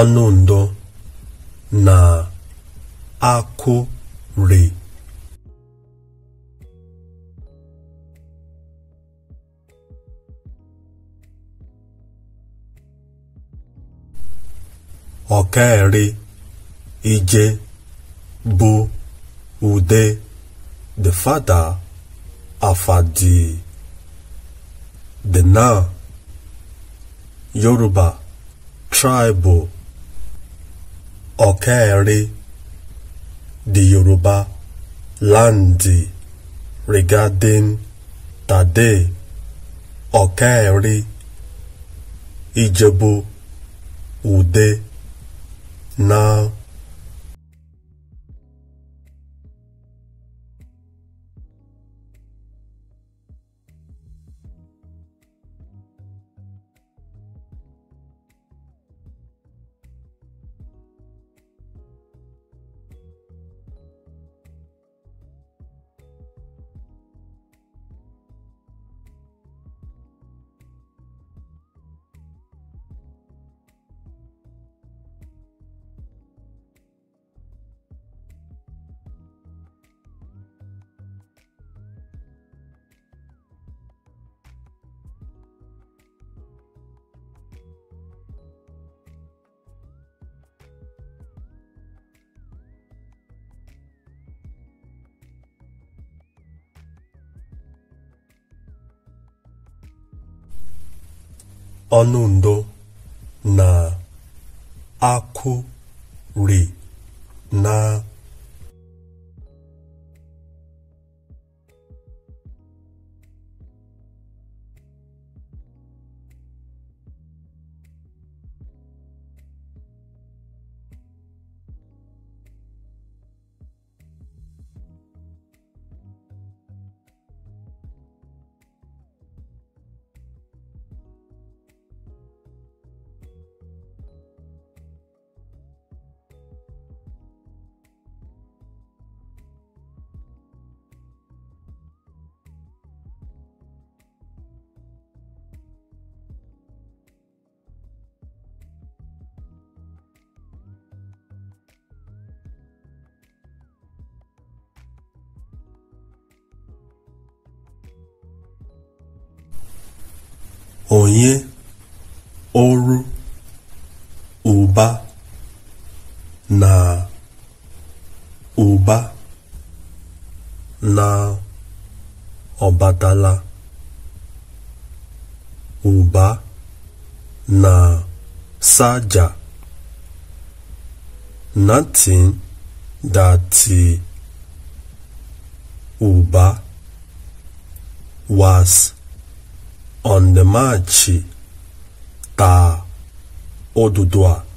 ọnụndo na akụri ọkaere ije bụ ude the father afadi the now Yoruba tribal Okere, the Yoruba Landi, regarding Tade Okere, Ijebu Ude, now ọnụ ndo na akụ ri na onye ọrụ ụba na ụba na ọbatala ụba na saja nothing that ụba was on the march ta odudoa